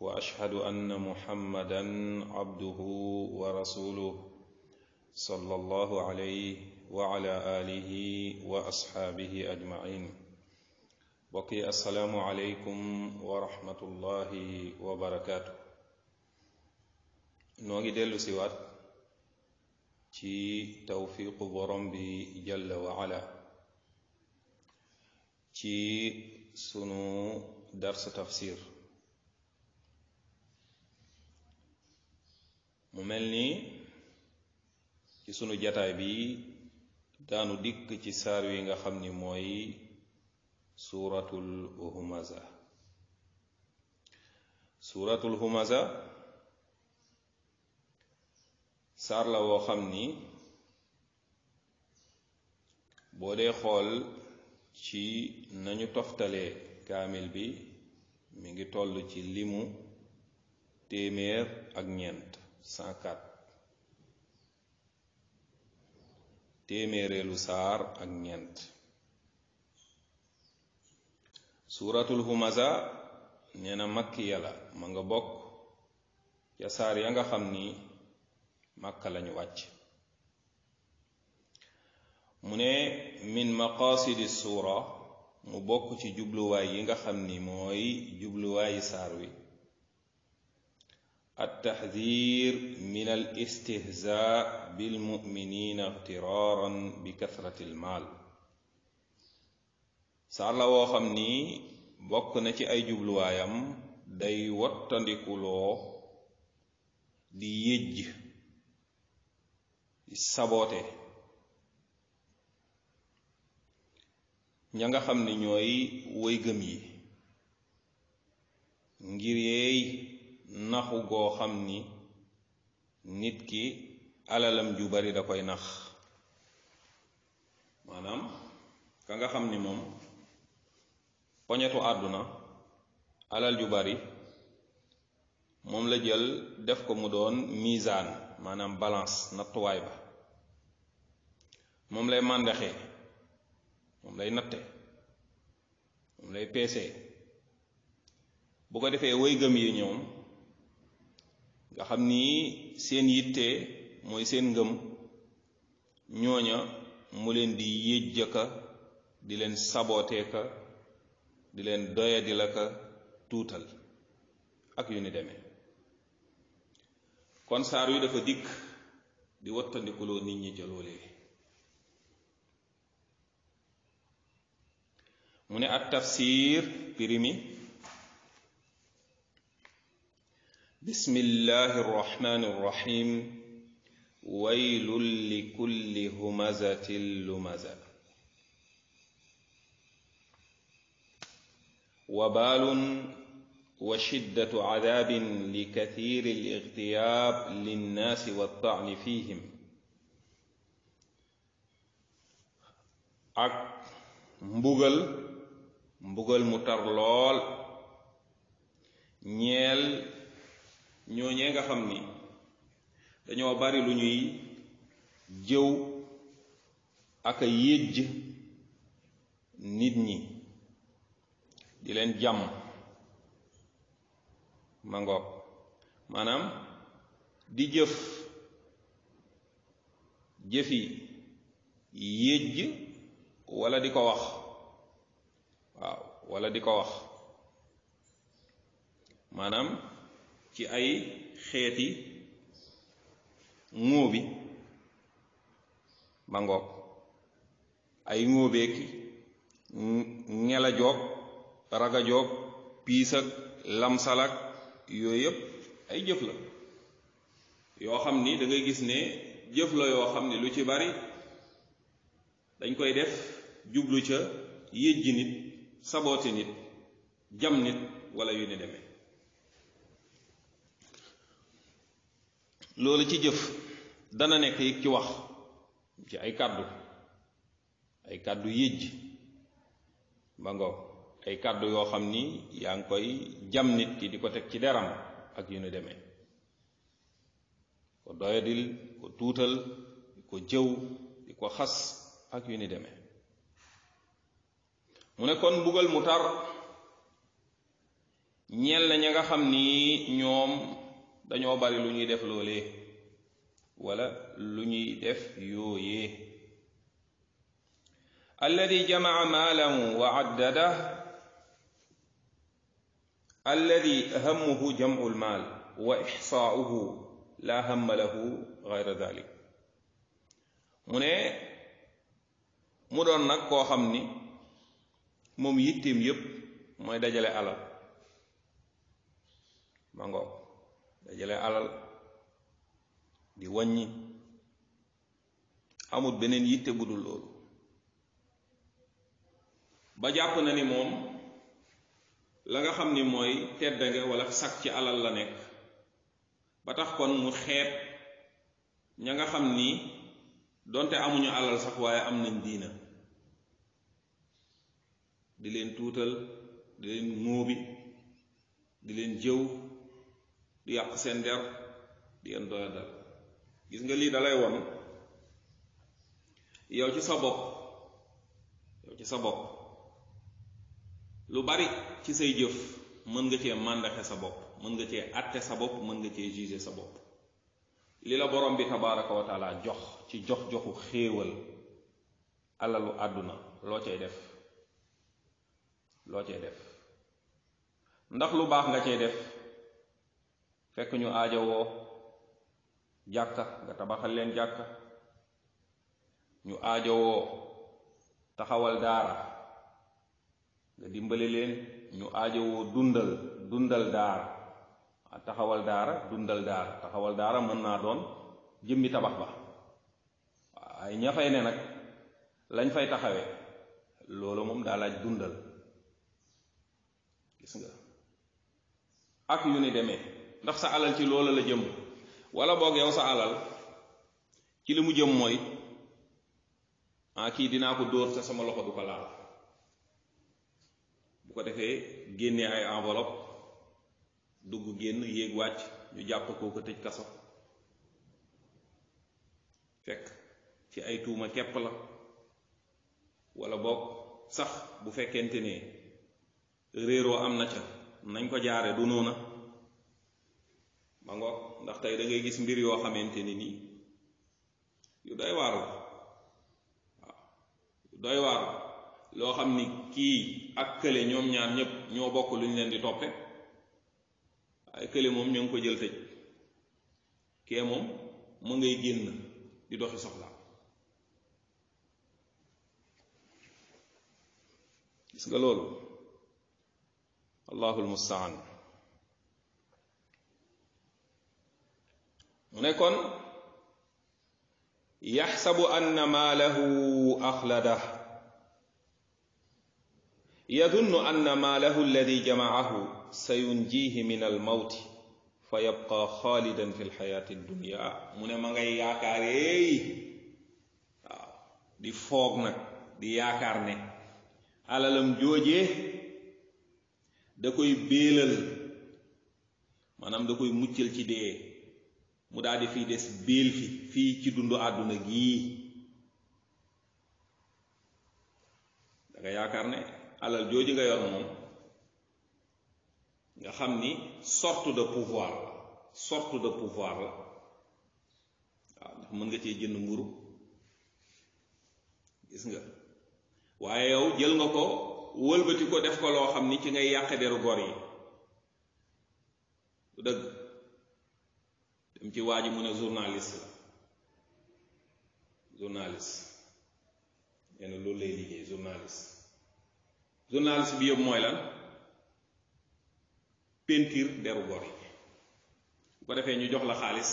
واشهد ان محمدا عبده ورسوله صلى الله عليه وعلى اله واصحابه اجمعين بقي السلام عليكم ورحمه الله وبركاته نوغي ديلو سيوات تي توفيق borom جل وعلا تي سنو درس تفسير mu mel ni ci sunu jataay bi daanu dikk ci saar wi nga xam ni mooy suuratul humaza suuratul humaza saar la woo xam ni boo dee xool ci nañu toftalee kaamil bi mi ngi tollu ci limu téeméer ak ñeent 104 temerelu sar ak ñent suratul humaza neena makki yala ma nga bokk ya saar ya nga xam ni makka lañu wàcc mu ne min maqasidi sura mu bokk ci jubluwaay yi nga xam ni mooy jubluwaayi saar wi التحذير من الاستهزاء بالمؤمنين اغترارا بكثرة المال سالا وخمني بوكنا تي اي جبل وايام داي واتانديكو لو دي يج سابوتي نياغا خمني نيوي ويغمي ngir naxu goo xam ni nit ki alalam ju bari da koy nax maanaam ka nga xam ni moom poñetu àdduna alal ju bari moom la jël def ko mu doon misaan maanaam balance nattuwaay ba moom lay màndaxee moom lay natte moom lay peesee bu ko defee wëy yi ñoom nga xam ni seen yitte mooy seen ngëm ñooña mu leen di yéjja ka di leen sabootee ka di leen doya di la ka tuutal ak yu ni demee kon saar yi dafa dikk di wattandikuloo nit ñi ca loolee mu ne at tafsir pirimi بسم الله الرحمن الرحيم ويل لكل همزة لمزة وبال وشدة عذاب لكثير الاغتياب للناس والطعن فيهم اك مبغل مبغل مترلول نيل ñooñee nga xam ni dañoo bari lu ñuy jëw ak a yéjj nit ñi di leen jàmm ma maanaam di jëf jëfi yéjj walla di ko wax waaw wala di ko wax maanaam ci ay xeeti ŋóobi ma ngoog ay ŋóobeeki ñela joog raga joog piis ak lamsalak yooyu ay jëf la yoo xam ni da gis ne jëf la yoo xam ni lu ci bari dañ koy def jublu ca yëjji nit sabooti nit jam nit wala yu ni demee loolu ci jëf dana nekk yi ci wax ci ay kàddu ay kàddu yëj ba ay kàddu yoo xam ni yaa ngi koy jam nit ki di ko teg ci deram ak yu nu demee ko doyadil ko tuutal ko jëw di ko xas ak yu ni demee mu ne kon mbugal mu tar ñeel na ña nga xam ni ñoom dañoo bari lu ñuy def loolee wala lu ñuy def yooyee alladi jamaa maalan wa addadah alladi hammuhu jamu lmaal wa ixsaauhu la hamma lahu gayra dalik mu ne mu doon nag koo xam ni moom yittim yépp mooy dajale alal ma ngoog dajale alal di waññi amul beneen yitte bu dul loolu ba jàpp na ni moom la nga xam ni mooy teddange wala sag ci alal la nekk ba tax kon mu xeet ña nga xam ni donte amuñu alal sax waaye am nañ diina di leen tuutal di leen móobi di leen jëw di yàq seen der di leen doyal gis nga lii dalay won yow ci sa bopp yow ci sa bopp lu bari ci say jëf mën nga cee màndaxe sa bopp mën nga cee àtte sa bopp mën nga cee juger sa bopp li la borom bi tabaraka wa jox ci jox-joxu xéewal alalu àdduna loo cee def loo cay def ndax lu baax nga cee def fekk ñu aajowoo jàkka nga tabaxal leen jàkka ñu aajowoo taxawal daara nga dimbale leen ñu aajowoo dundal dundal daara taxawal daara dundal daara taxawal daara mën naa doon jëmmi tabax ba waaye ña fay ne nag lañ fay taxawee loolu moom daa laaj dundal gis nga ak yu ni demee ndax sa alal ci loola la jëm wala boog yow sa alal ci li mu jëm mooy ah kii dinaa ko dóor sa sama loxo du ko laal bu ko defee génnee ay enveloppe dugg génn yéeg wàcc ñu jàpp koo ko tëj kaso fekk ci ay tuuma kepp la walla boog sax bu fekkente ne réeroo am na ca nañ ko jaare du noona ma ndax tey dangay gis mbir yoo xamante ni nii yu doy waar la doy waar la loo xam ni kii ak kële ñoom ñaar ñëpp ñoo bokk lu ñu leen di toppe ay kële moom ñoo ngi ko jël tëj kee moom mu ngay génn di doxi soxla gis nga loolu allahul mustaan mu ne kon yaxsabu anna maalahu axlada yadunnu anna maalahu alladi jamaahu sayunjihi min almawti fa yabqa xaalidan fi lxayaati dunya mu ne ma ngay yaakaar eey waaw di foog nag di yaakaar ne alalam joojee da koy béelal maanaam da koy muccal ci dee mu daldi fi dess bil fi fi ci dundu aduna gi da nga yaakaar ne alal joji nga yor mom nga xamni sorte de pouvoir sorte de pouvoir la ndax mën nga ci jënd nguru gis nga waye yow jël nga ko wëlbeuti ko def ko lo xamni ci ngay yàq deru gor yi dem ci waa ji mu ne journaliste la journaliste nee loolu lay liggéey journaliste journaliste bi yëpp mooy la peinture deru gor yi bu ko defee ñu jox la xaalis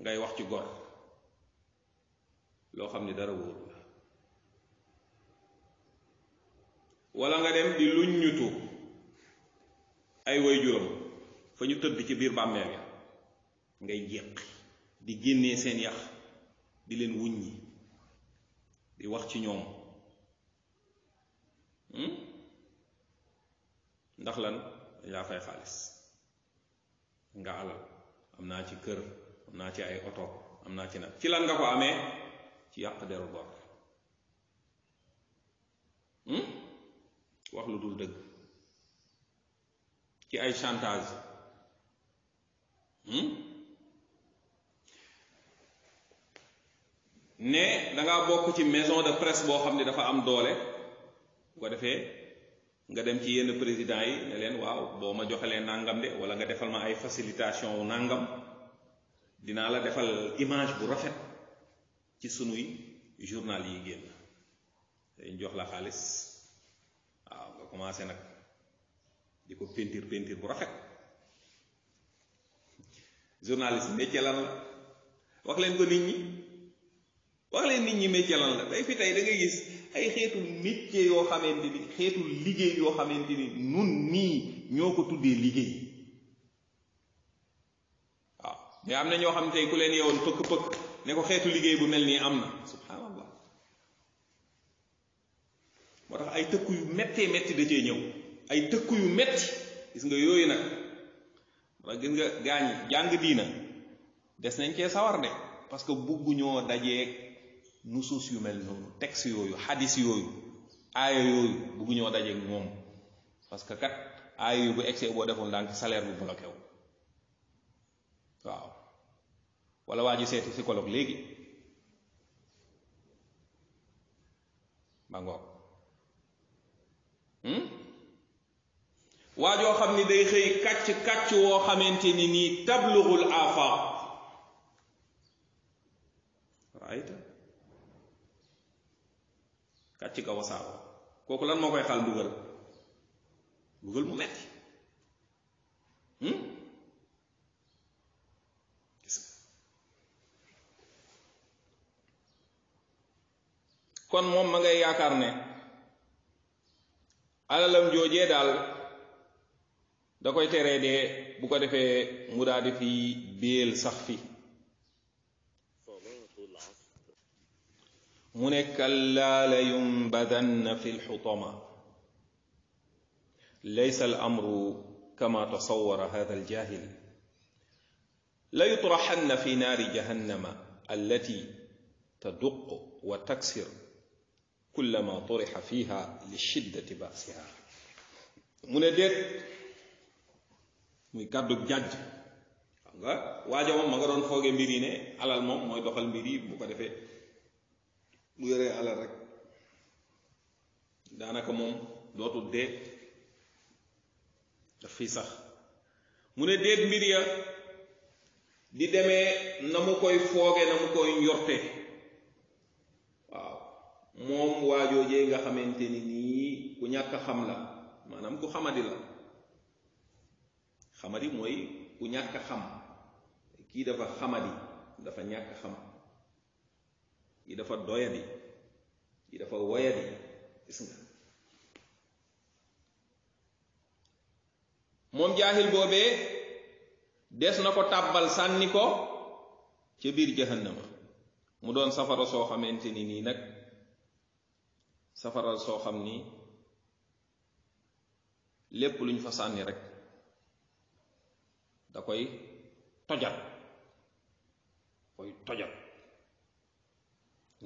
ngay wax ci gor loo xam ni dara wóoru walla nga dem di luñ ay way juróom fa ñu tëdd ci biir bàmmeel ngay njéqi di génne seen yax di leen wuññi di wax ci ñoom hmm? ndax lan yaa fay xaalis nga alal am naa ci kër am naa ci ay oto am naa ci nag ci lan nga ko amee ci yàq deru bor hmm? wax lu dul dëgg ci ay chantage hmm? ne da ngaa bokk ci maison de presse boo xam ne dafa am doole bu ko defee nga dem ci yenn président yi ne leen waaw boo ma joxalee nàngam de wala nga defal ma ay facilitation wu nàngam dinaa la defal image bu rafet ci sunuy journal yi génn dañ jox la xaalis waaw nga commencé nag di ko peinture peinture bu rafet journaliste métier lan la wax leen ko nit ñi wax leen nit ñi métier lan la day fi tey da ngay gis ay xeetu métier yoo xamante ni xeetu liggéey yoo xamante ni nun nii ñoo ko tuddee liggéey waaw mais am na ñoo xam tey ku leen yeewoon pëkk-pëkk ne ko xeetu liggéey bu mel nii am na subhanallah moo tax ay tëkku yu méttee métti da cee ñëw ay tëkku yu metti gis nga yooyu nag wala gis nga gaañ jàng diina des nañ cee sawar de parce que bugg ñoo dajeek nusuus yu mel noonu texte yooyu xadis yooyu aaya yooyu bugg ñoo dajeeg moom parce que kat aaya yu bu egsee boo defoon ndànk salaire bu bloqué wu waaw waa léegi ba ngoog hmm? joo xam ni day xëy kàcc kàcc woo xamante ni nii tablughul afaq waaye kàcci ka wasaaro kooku lan moo koy xaal dugal dugal mu metti hmm? kon moom ma ngay yaakaar ne alalam joojee daal da koy teree dee bu ko defee mu daal di fi biyeel sax fii منك لا لينبذن في الحطمة ليس الأمر كما تصور هذا الجاهل لا يطرحن في نار جهنم التي تدق وتكسر كلما طرح فيها للشدة بأسها من ديت مي كادوك جاج واجا موم ماغا مريني على ميري ني مريب موم موي bu yoree alal rek daanaka moom dootul déet daf fii sax mu ne déet mbir ya di demee na mu koy fooge na mu koy njorte waaw moom waajoojee nga xamante ni nii ku ñàkk xam la maanaam ku xamadi la xamadi mooy ku ñàkk xam kii dafa xamadi dafa ñàkk xam yi dafa doyadi yi dafa woyadi gis nga moom jaahil boobee des na ko tàbbal sànni ko ca biir jahannama mu doon safara soo xamante ni nii nag safara soo xam ni lépp luñ fa sànni rek da koy tojal koy tojal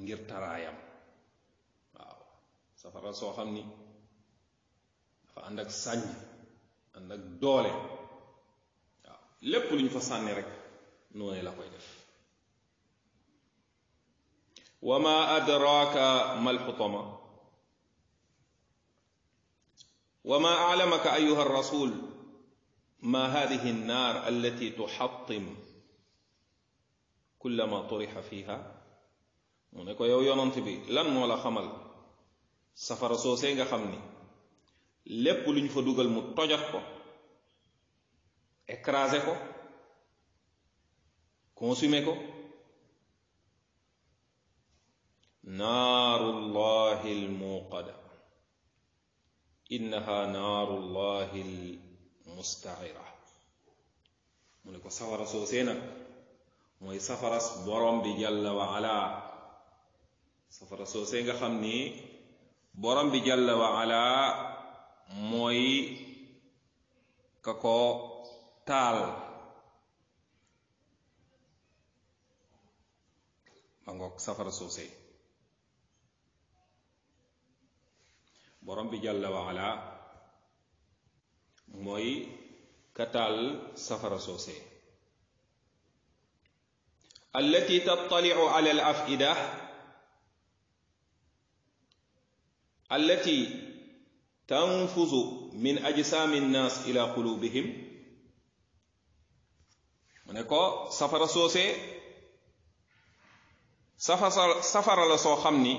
ngir tarayam waaw safara soo xam ni dafa ànd ak sànj ànd ak doole waaw lépp lu fa sànni rek noonu la koy def wa ma adraka mal xutama wa ma alamaka ayuha rasul ma hadihi النار التي تحطم كلما طرح فيها mu ne ko yow yonent bi lan moo la xamal safara soosee nga xam ni lépp luñ fa dugal mu tojat ko écraser ko consumer ko naarullahi almuqada innaha naarullahi almustaira mu ne ko safara soosee nag mooy safaras borom bi jalla wa ala safara soose nga xam ni borom bi jalla wa ala mooy ka ko taal ma ngoog safara soose borom bi jalla wa ala mooy katal taal safara soose allati tattaliu ala al allati tanfuzu min ajsaami nnaas ila qulubihim mu ne ko safara soosee safara safara la soo xam ni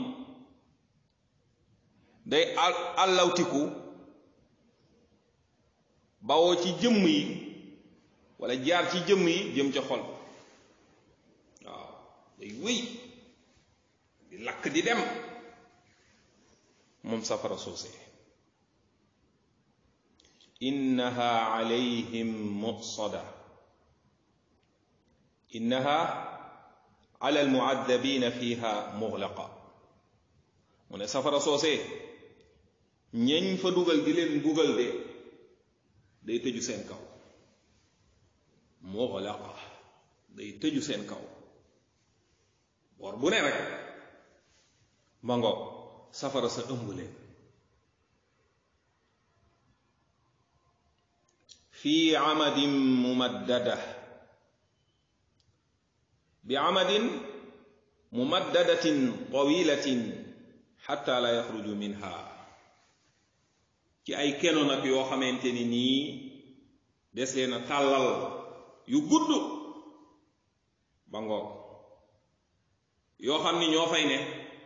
day àllawtiku bawoo ci jëmm yi walla jaar ci jëmm yi jëm ca xol waaw day wéy di lakk di dem mumsafara sosai innaha alaihim muqsada innaha ala almu'adhabina fiha mughlaqa mune safara sosai ñeñ fa dugal di leen bugal de day tëju seen kaw mughlaqa day tëju seen kaw bor bu ne rek ma ngoog safara sa ëmb leen fi amadin mumaddada bi amadin mumaddadatin tawilatin xatta la yaxruju minha ci ay keno nag yoo xamante ni nii des leen tàllal yu gudd ba ngoog yoo xam ni ñoo fay ne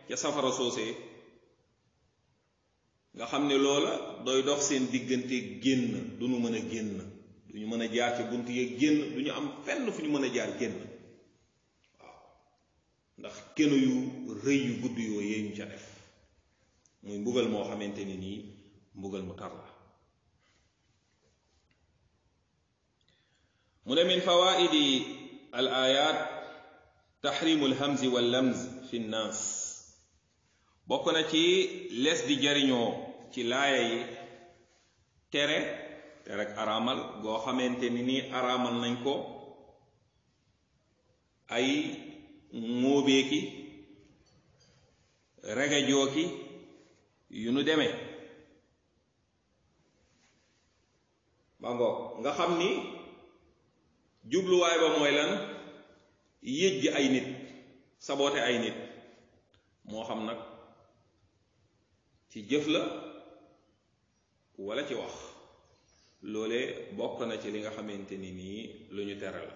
ca safara soosee nga xamne ne loola doy dox seen diggante génn duñu ñu génn duñu ñu jaar ci buntu ye génn duñu am fenn fuñu ñu jaar génn ndax kenu yu reuy yu gudd yo yeñ ci def muy mbugal mo xamanteni ni mbugal mu tar la mu ne min fawaidi al ayat tahrimul al hamzi wal lamz fi nas bokk na ci les di jariñoo ci laaya yi tere te rek araamal goo xamante ni nii araamal nañ ko ay ngóobeeki regajooki yu nu demee bangoo nga xam ni jubluwaay ba mooy lan yëj ay nit saboote ay nit moo xam nag ci jëf la wala ci wax loole bokk na ci li nga xamante ni nii lu ñu tere la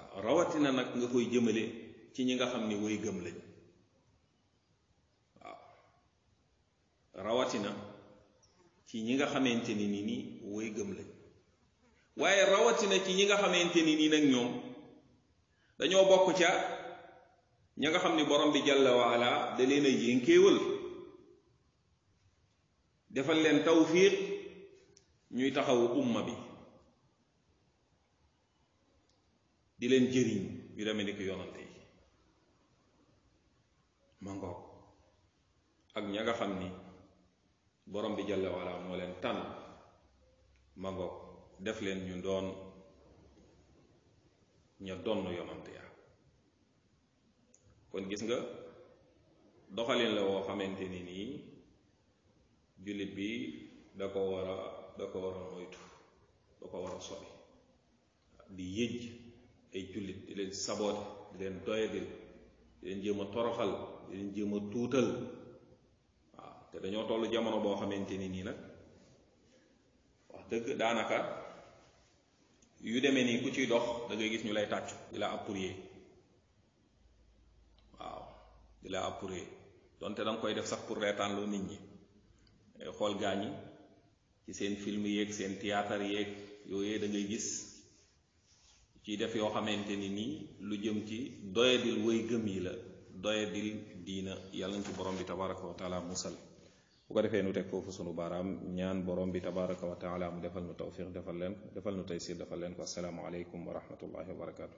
waaw rawatina nag nga koy jëmale ci ñi nga xam ni way gëm rawatina ci ñi nga xamante ni nii way gëm waaye rawatina ci ñi nga xamante ni nii nag ñoom dañoo bokk ca ña nga xam ni borom bi jàlla waala da leen a defal leen tawfiq ñuy taxawu umma bi di leen jëriñ yu demee ni ko yonante yi mangoog ak ña nga xam ni borom bi jalla wala moo leen tànn mangoog def leen ñu doon ña donn yonante ya kon gis nga doxalin la woo xamante ni nii julit bi da ko war a da ko war a moytu da ko war a di yëj ay julit di leen saboote di leen di leen jéem a toroxal di leen jéem a tuutal waaw te dañoo toll jamono boo xamante ni nii nag wax dëgg daanaka yu demee nii ku ciy dox da ngay gis ñu lay tàccu di la appurie waaw di la donte da nga koy def sax pour reetaan loo nit ñi xool gaañi ci seen film yeeg seen théâtre yeeg yooyee da ngay gis ciy def yoo xamante ni nii lu jëm ci doyadil way gëm yi la doyadil diina yàlla na ci borom bi tabaraka wa taala musal bu ko defee nu teg foofu sunu baaraam ñaan borom bi tabaraka wa taala mu defal nu tawfiq defal leen defal nu taysir defal leen ko assalaamu aleykum wa rahmatullahi